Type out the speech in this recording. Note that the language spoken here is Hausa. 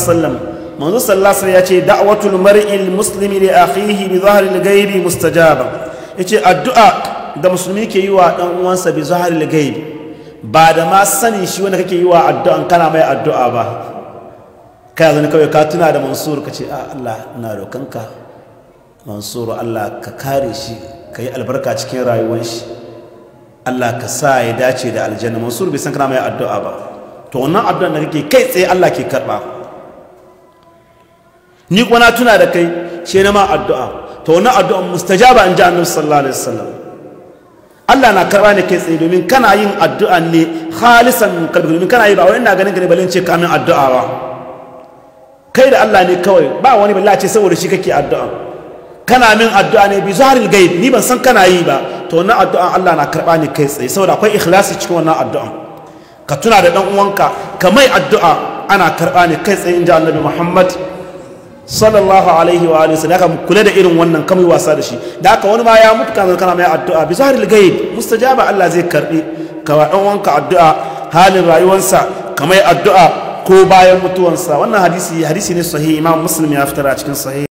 sallam manzo sallallahu ya ce da'watul mar'il muslimi li akhihi bi zahril ghaibi mustajaba yace addu'a da musulmi ke yi wa dan uwansa bi zahril ghaibi ba da ma sani shi wanda kake yi wa addu'an kana mai addu'a ba kai yanzu kawai ka tuna da mansur ka ce a Allah ina roƙonka mansur Allah ka kare shi ka yi albarka cikin rayuwar shi Allah ka sa ya dace da aljanna mansur bai san kana mai addu'a ba to wannan addu'a da kake kai tsaye Allah ke karba ni kuma na tuna da kai she na ma addu'a to wannan addu'an mustajaba in ji annabi sallallahu alaihi wasallam Allah na karba ne kai tsaye domin kana yin addu'a ne khalisan min domin kana yi ba wai ina ganin ka ne balin ce kamin addu'a ba kai da Allah ne kawai ba wani balla ce saboda shi kake addu'a kana min addu'a ne bi zahril ghaib ni ban san kana yi ba to wannan addu'a Allah na karba ne kai tsaye saboda akwai ikhlasi cikin wannan addu'a ka tuna da dan uwanka ka mai addu'a ana karba ne kai tsaye inji Annabi Muhammad sallallahu alaihi wa alihi wasallam kan kula da irin wannan kamar wasa da shi da haka wani ma ya mutu kana kana mai addu'a bi zahril ghaib mustajaba Allah zai karbi ka wa dan wanka addu'a halin rayuwarsa kamar addu'a ko bayan mutuwansa wannan hadisi hadisi ne sahihi imam muslim ya fitara a cikin sahihi